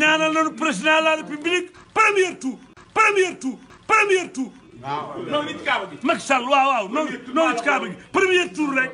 ñaanal nañu président de la république premier tour premier tour premier tour. waaw noonu ci kaaba gi. Macky Sall waaw waaw noonu noonu ci kaaba gi premier tour rek.